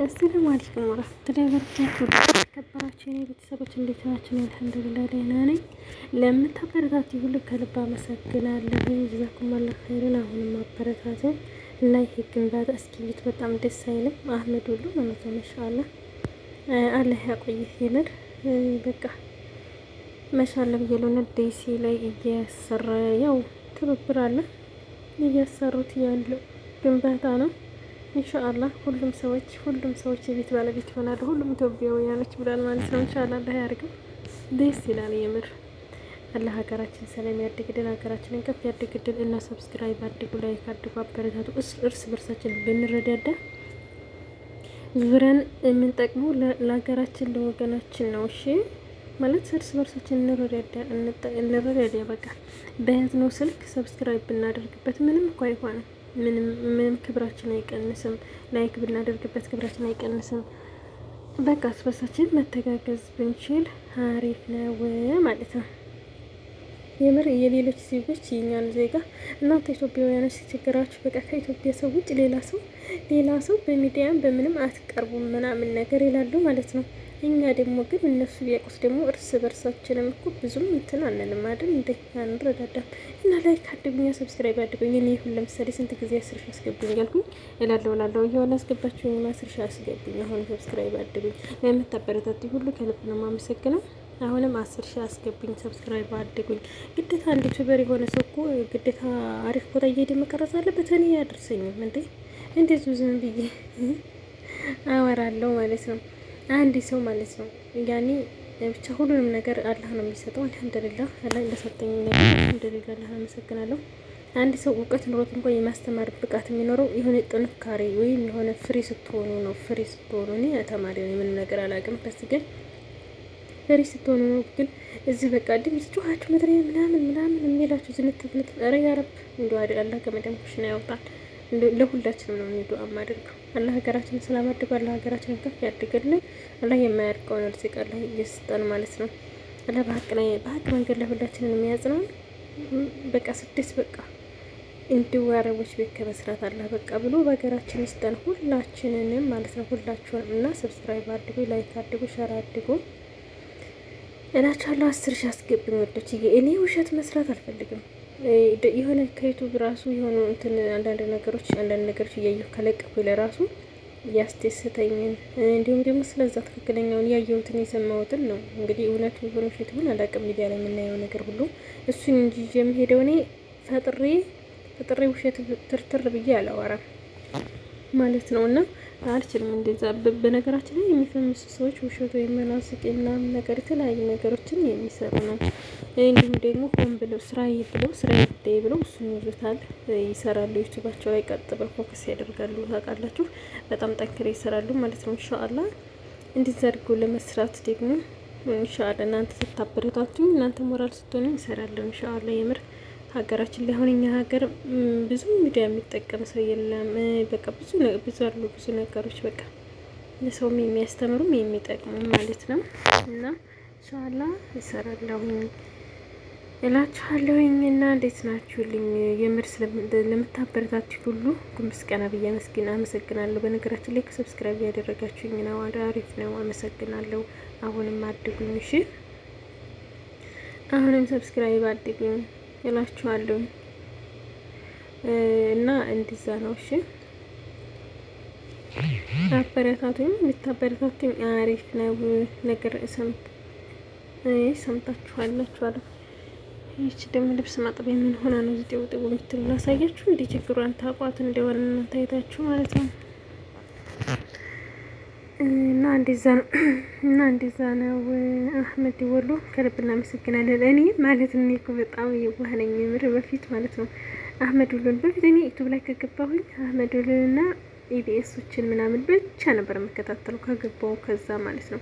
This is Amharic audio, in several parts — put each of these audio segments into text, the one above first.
አሰላሙ አለይኩም ወራህመቱላሂ ወበረካቱህ። የተከበራችሁ የኔ ቤተሰቦች እንዴት ናችሁ? አልሐምዱሊላህ ደህና ነኝ። ለምታበረታቱ ሁሉ ከልብ አመሰግናለሁ። ጀዛኩሙላህ ኸይረን። አሁንም አበረታቱ ላይ ግንባታ እስኪዩት በጣም ደስ አይልም? አህመድ ሁሉ ማለት ነው። ማሻአላ አላህ ያቆይህ። የምር በቃ መሻለ ብየሎነ ደሴ ላይ እያሰራ ያው ትብብር አለ እያሰሩት ያለው ግንባታ ነው ኢንሻአላህ ሁሉም ሰዎች ሁሉም ሰዎች የቤት ባለቤት ይሆናሉ። ሁሉም ኢትዮጵያውያኖች ብሏል ማለት ነው። ኢንሻአላህ አላህ ያርግም። ደስ ይላል የምር አላህ ሀገራችን ሰላም ያድግልን፣ ሀገራችንን ከፍ ያድግልን እና ሰብስክራይብ አድጉ፣ ላይክ አድጉ፣ አበረታቱ። እርስ በርሳችን ብንረዳዳ ብረን የምንጠቅመው ለሀገራችን ለወገናችን ነው። እሺ ማለት እርስ በርሳችን እንረዳዳ እንረዳዳ። በቃ በያዝነው ስልክ ሰብስክራይብ ብናደርግበት ምንም እኮ አይሆንም። ምንም ክብራችን አይቀንስም። ላይክ ብናደርግበት ክብራችን አይቀንስም። በቃ አስበሳችን መተጋገዝ ብንችል አሪፍ ነው ማለት ነው። የምር የሌሎች ዜጎች የኛን ዜጋ እናንተ ኢትዮጵያውያኖች ሲቸግራችሁ በቃ ከኢትዮጵያ ሰው ውጭ ሌላ ሰው ሌላ ሰው በሚዲያም በምንም አትቀርቡም ምናምን ነገር ይላሉ ማለት ነው። እኛ ደግሞ ግን እነሱ ቢያውቁት ደግሞ እርስ በርሳችንም እኮ ብዙም እንትን አንልም አይደል? እንደ አንረዳዳም እና ላይክ ካደጉኛ ሰብስክራይብ አድርጉኝ። እኔ ይሁን ለምሳሌ ስንት ጊዜ አስር ሺህ አስገቡኝ አልኩኝ እላለሁ እላለሁ የሆነ አስገባችሁኝ አስር ሺህ አስገቡኝ። አሁን ሰብስክራይብ አድርጉኝ። ለምታበረታት ሁሉ ከልብ ነው የማመሰግነው። አሁንም አስር ሺህ አስገቡኝ፣ ሰብስክራይብ አድጉኝ። ግዴታ አንድ ዩቱበር የሆነ ሰው እኮ ግዴታ አሪፍ ቦታ እየሄደ መቀረጽ አለበት። እኔ ያደርሰኝም እንዴ እንደዚሁ ዝም ብዬ አወራለሁ ማለት ነው። አንድ ሰው ማለት ነው ያኔ ብቻ ሁሉንም ነገር አላህ ነው የሚሰጠው። አልሐምዱሊላህ አላህ እንደሰጠኝ ነገር አልሐምዱሊላህ አላህ አመሰግናለሁ። አንድ ሰው እውቀት ኑሮት እንኳን የማስተማር ብቃት የሚኖረው የሆነ ጥንካሬ ወይም የሆነ ፍሪ ስትሆኑ ነው። ፍሪ ስትሆኑ እኔ ተማሪ ነው የምንም ነገር አላውቅም። ከስ ግን ፍሪ ስትሆኑ ነው። ግን እዚህ በቃ ድምፅ ጮኋችሁ ምድር ምናምን ምናምን የሚላችሁ ዝንትፍ ንትፍ ኧረ ያረብ እንዲ አላህ ከመደንኩሽ ነው ያውጣል ለሁላችንም ነው ዱዓ የማደርገው። አላህ ሀገራችን ሰላም አድርጎ አላህ ሀገራችን ከፍ ያድርግልን። አላህ የማያርቀውን ርዝቅ አላህ እየሰጠን ማለት ነው። አላህ በሀቅ ላይ በሀቅ መንገድ ለሁላችንን የሚያጽናን በቃ ስድስት በቃ እንዲሁ አረቦች ቤት ከመስራት አላህ በቃ ብሎ በሀገራችን ይስጠን ሁላችንንም ማለት ነው። ሁላችሁንም እና ሰብስክራይብ አድርጉ፣ ላይክ አድርጉ፣ ሸር አድርጉ እላችኋለሁ። አስር ሺህ አስገብኝ ወዶች። እኔ ውሸት መስራት አልፈልግም። የሆነ ከዩቱብ ራሱ የሆኑ እንትን አንዳንድ ነገሮች አንዳንድ ነገሮች እያየሁ ከለቀኩ ለራሱ ያስደስተኝን እንዲሁም ደግሞ ስለዛ ትክክለኛውን ያየሁትን የሰማሁትን ነው። እንግዲህ እውነቱ የሆነ ውሸት ይሁን አላውቅም። ሚዲያ ላይ የምናየው ነገር ሁሉ እሱን እንጂ የምሄደው እኔ ፈጥሬ ፈጥሬ ውሸት ትርትር ብዬ አላወራም ማለት ነው እና አልችልም እንደዛ። በነገራችን ላይ የሚፈምሱ ሰዎች ውሸቶ የመናስቅ መናፍቅና ነገር የተለያዩ ነገሮችን የሚሰሩ ነው። እንዲሁም ደግሞ ሆን ብለው ስራ ብለው ስራ ይታይ ብለው እሱን ይዙታል፣ ይሰራሉ። ዩቱባቸው ላይ ቀጥ ብለው ፎከስ ያደርጋሉ። ታውቃላችሁ፣ በጣም ጠንክር ይሰራሉ ማለት ነው። እንሻአላ እንዲህ አድርጎ ለመስራት ደግሞ እንሻአላ እናንተ ስታበረታቱ፣ እናንተ ሞራል ስትሆኑ እንሰራለን። እንሻአላ የምር ሀገራችን ላይ አሁን እኛ ሀገር ብዙ ሚዲያ የሚጠቀም ሰው የለም። በቃ ብዙ ብዙ አሉ ብዙ ነገሮች በቃ ለሰውም የሚያስተምሩም የሚጠቅሙም ማለት ነው። እና ሻላ ይሰራለሁኝ እላችኋለሁኝ። እና እንዴት ናችሁልኝ? የምር ለምታበረታቱ ሁሉ ጉንብስ ቀና ብዬ መስግን አመሰግናለሁ። በነገራችን ላይ ከሰብስክራይብ ያደረጋችሁኝ ነው አሪፍ ነው፣ አመሰግናለሁ። አሁንም አድጉኝ፣ እሺ አሁንም ሰብስክራይብ አድጉኝ። እላችኋለሁ እና እንዲዛ ነው። እሺ አበረታቱኝ፣ ብታበረታቱኝ አሪፍ ነው። ነገር ሰምት ይች ደግሞ ልብስ ማጠቢያ ምን ሆና ነው ዝጤው ጥቡ የምትሉ ላሳያችሁ። እንዲ ችግሯን ታቋት እንደሆነ ታይታችሁ ማለት ነው። እና እንደዛ ነው እና እንደዛ ነው አህመድ ወሎ ከልብ እናመሰግናለን። እኔ ማለት እኔ እኮ በጣም የዋህ ነኝ የምር በፊት ማለት ነው አህመድ ወሎን በፊት እኔ ዩቱብ ላይ ከገባሁኝ አህመድ ወሎንና ኢቢኤሶችን ምናምን ብቻ ነበር የምከታተሉ ከገባው ከዛ ማለት ነው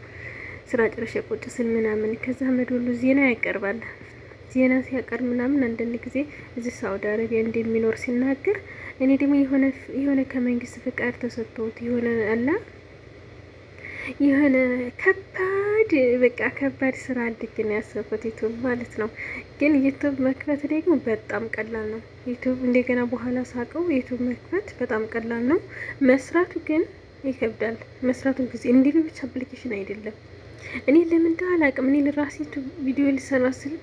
ስራ ጨረሻ ቁጭ ስል ምናምን ከዛ አህመድ ወሎ ዜና ያቀርባል። ዜና ሲያቀርብ ምናምን አንዳንድ ጊዜ እዚህ ሳውዲ አረቢያ እንደሚኖር ሲናገር እኔ ደግሞ የሆነ የሆነ ከመንግስት ፍቃድ ተሰጥቶት የሆነ አላ የሆነ ከባድ በቃ ከባድ ስራ አድርጌ ነው ያሰብኩት ዩቱብ ማለት ነው። ግን ዩቱብ መክፈት ደግሞ በጣም ቀላል ነው። ዩቱብ እንደገና በኋላ ሳቀው ዩቱብ መክፈት በጣም ቀላል ነው። መስራቱ ግን ይከብዳል። መስራቱ ጊዜ እንዲህ ብቻ አፕሊኬሽን አይደለም። እኔ ለምን እንደ አላውቅም። እኔ ለራሴ ዩቱብ ቪዲዮ ልሰራ ስል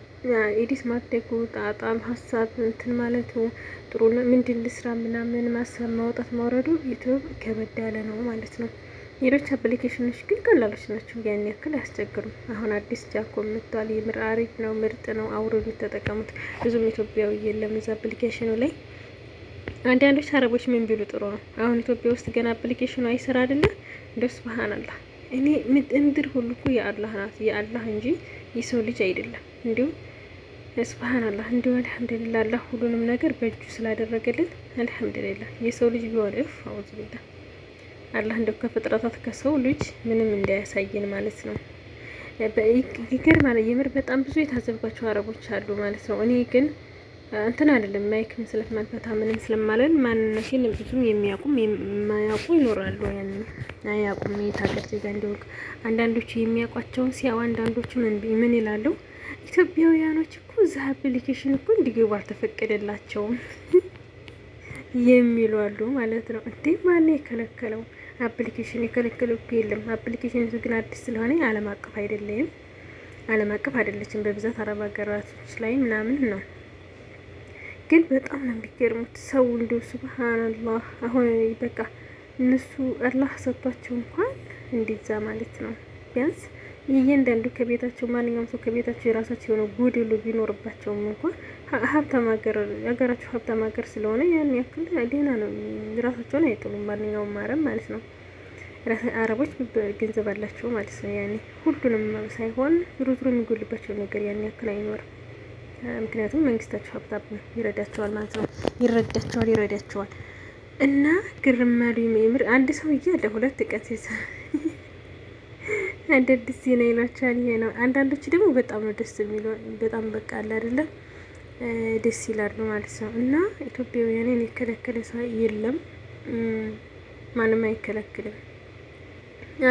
ኤዲት ማድረጉ ጣጣም ሀሳብ እንትን ማለቱ ጥሩ ምንድን ልስራ ምናምን ማሰብ ማውጣት ማውረዱ ዩቱብ ከበድ ያለ ነው ማለት ነው። ሌሎች አፕሊኬሽኖች ግን ቀላሎች ናቸው፣ ያን ያክል አያስቸግሩም። አሁን አዲስ ጃኮ መጥቷል። የምር አሪፍ ነው፣ ምርጥ ነው። አውርዱት፣ ተጠቀሙት። ብዙም ኢትዮጵያዊ የለም እዛ አፕሊኬሽኑ ላይ። አንዳንዶች አረቦች ምን ቢሉ ጥሩ ነው። አሁን ኢትዮጵያ ውስጥ ገና አፕሊኬሽኑ አይሰራ አይደለ? እንደው ሱብሃንአላህ። እኔ ምድር ሁሉ እኮ የአላህ ናት፣ የአላህ እንጂ የሰው ልጅ አይደለም። እንዲሁም ሱብሃንአላህ፣ እንዲሁ አልሐምዱሊላ አላህ ሁሉንም ነገር በእጁ ስላደረገልን አልሐምዱሊላ። የሰው ልጅ ቢሆን እፍ አውዝ አላህ እንደው ከፍጥረታት ከሰው ልጅ ምንም እንዳያሳየን ማለት ነው። ማለት የምር በጣም ብዙ የታዘብኳቸው አረቦች አሉ ማለት ነው። እኔ ግን እንትን አይደለም ማይክ ምስለት ማንፈታ ምንም ስለማለን ማንነቴን ብዙም የሚያውቁም የማያውቁ ይኖራሉ። ያን አያውቁም የት ሀገር ዜጋ እንደወቅ አንዳንዶቹ የሚያውቋቸውን ሲያው አንዳንዶቹ ምን ይላሉ ኢትዮጵያውያኖች እኮ እዛ አፕሊኬሽን እኮ እንዲገቡ አልተፈቀደላቸውም የሚሉ አሉ ማለት ነው። እንዴ ማን የከለከለው? አፕሊኬሽን የከለከለው እኮ የለም። አፕሊኬሽን ግን አዲስ ስለሆነ ዓለም አቀፍ አይደለም፣ ዓለም አቀፍ አይደለችም። በብዛት አረብ ሀገራቶች ላይ ምናምን ነው። ግን በጣም ነው የሚገርሙት ሰው እንዲሁ ሱብሃንአላህ። አሁን በቃ እነሱ አላህ ሰጥቷቸው እንኳን እንዲዛ ማለት ነው ቢያንስ እያንዳንዱ ከቤታቸው ማንኛውም ሰው ከቤታቸው የራሳቸው የሆነ ጎደሎ ቢኖርባቸውም እንኳን ሀብታም ሀገር ሀገራቸው ሀብታም ሀገር ስለሆነ ያን ያክል ደህና ነው። ራሳቸውን አይጥሉም። ማንኛውም አረብ ማለት ነው። አረቦች ገንዘብ አላቸው ማለት ነው። ያኔ ሁሉንም ሳይሆን ዝሮ ዝሮ የሚጎልባቸው ነገር ያን ያክል አይኖርም። ምክንያቱም መንግስታቸው ሀብታም ይረዳቸዋል ማለት ነው። ይረዳቸዋል ይረዳቸዋል እና ግርማሉ የምር አንድ ሰው እያለ ሁለት ቀን አዳዲስ ዜና ይሏቸዋል። ይሄ ነው። አንዳንዶች ደግሞ በጣም ነው ደስ የሚለው። በጣም በቃ አለ አይደለም ደስ ይላሉ ማለት ነው። እና ኢትዮጵያውያንን የከለከለ ሰው የለም፣ ማንም አይከለክልም።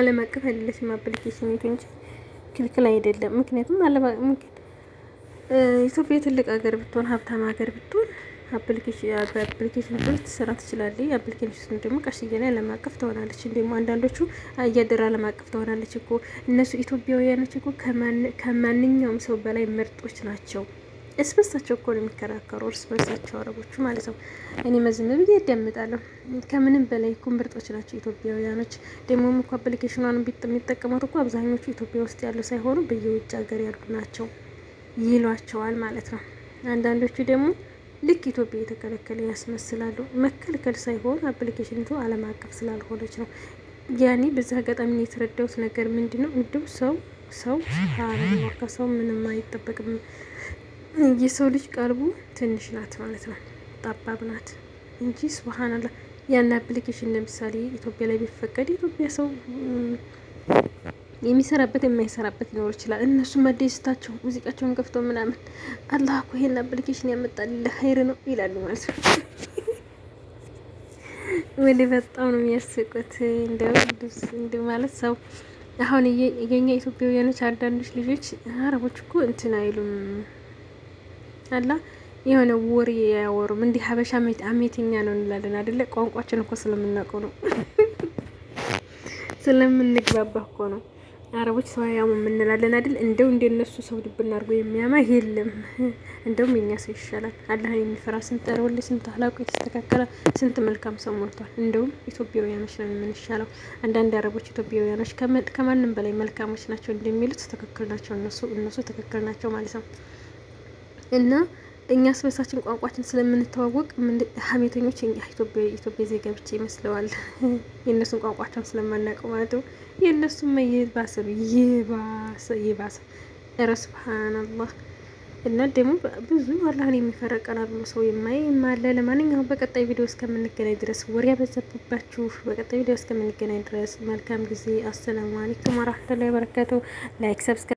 ዓለም አቀፍ አይደለችም አፕሊኬሽን ቤቱ እንጂ ክልክል አይደለም። ምክንያቱም ኢትዮጵያ ትልቅ ሀገር ብትሆን ሀብታም ሀገር ብትሆን አፕሊኬሽን ብር ትሰራ ትችላለች። አፕሊኬሽን ደግሞ ቀስ እያለ ዓለም አቀፍ ትሆናለች። እንዲሁም አንዳንዶቹ እያደር ዓለም አቀፍ ትሆናለች እኮ እነሱ ኢትዮጵያውያኖች እኮ ከማንኛውም ሰው በላይ ምርጦች ናቸው። እርስ በርሳቸው እኮ ነው የሚከራከሩ፣ እርስ በርሳቸው አረቦቹ ማለት ነው። እኔ መዝም ብዬ ያዳምጣለሁ። ከምንም በላይ እኮ ምርጦች ናቸው ኢትዮጵያውያኖች። ደግሞም እኮ አፕሊኬሽኗን የሚጠቀሙት እኮ አብዛኞቹ ኢትዮጵያ ውስጥ ያሉ ሳይሆኑ በየውጭ ሀገር ያሉ ናቸው ይሏቸዋል ማለት ነው። አንዳንዶቹ ደግሞ ልክ ኢትዮጵያ የተከለከለ ያስመስላሉ። መከልከል ሳይሆን አፕሊኬሽኒቱ ዓለም አቀፍ ስላልሆነች ነው። ያኔ በዚህ አጋጣሚ የተረዳሁት ነገር ምንድን ነው? እንዲሁ ሰው ሰው ከሰው ምንም አይጠበቅም። የሰው ልጅ ቀልቡ ትንሽ ናት ማለት ነው፣ ጠባብ ናት እንጂ ስብሀናላ ያን አፕሊኬሽን ለምሳሌ ኢትዮጵያ ላይ ቢፈቀድ ኢትዮጵያ ሰው የሚሰራበት የማይሰራበት ሊኖር ይችላል። እነሱ መደስታቸው ሙዚቃቸውን ከፍቶ ምናምን አላህ እኮ ይሄን አፕሊኬሽን ያመጣል ለሀይር ነው ይላሉ ማለት ነው። ወደ በጣም ነው የሚያስቁት። እንደው ማለት ሰው አሁን የኛ ኢትዮጵያውያኖች አንዳንዶች ልጆች አረቦች እኮ እንትን አይሉም አላ የሆነ ወሬ አያወሩም። እንዲህ ሀበሻ አሜትኛ ነው እንላለን አደለ? ቋንቋችን እኮ ስለምናውቀው ነው ስለምንግባባ እኮ ነው። አረቦች ሰው አያሙም እንላለን አይደል? እንደው እንደነሱ ሰው ልብን አድርጎ የሚያማ የለም። እንደውም የኛ ሰው ይሻላል። አላህን የሚፈራ ስንት ጠረወል፣ ስንት አህላቁ የተስተካከለ፣ ስንት መልካም ሰው ሞልቷል። እንደውም ኢትዮጵያውያኖች ነው የምንሻለው። አንዳንድ አረቦች ኢትዮጵያውያኖች ከማንም በላይ መልካሞች ናቸው እንደሚሉት ትክክል ናቸው። እነሱ እነሱ ትክክል ናቸው ማለት ነው እና እኛስ በሳችን ቋንቋችን ስለምንተዋወቅ ሀሜተኞች ኢትዮጵያ ዜጋ ብቻ ይመስለዋል። የእነሱን ቋንቋቸውን ስለማናውቀው ማለት ነው። የእነሱም የባሰ ነው የባሰ የባሰ ረ ስብሓናላህ እና ደግሞ ብዙ አላህን የሚፈራ ቀና ብሎ ሰው የማይማለ። ለማንኛውም በቀጣይ ቪዲዮ እስከምንገናኝ ድረስ ወሬ ያበዛብባችሁ። በቀጣይ ቪዲዮ እስከምንገናኝ ድረስ መልካም ጊዜ። አሰላሙ አለይኩም ወራህመቱላሂ ወበረካቱ። ላይክ ሰብስክራይብ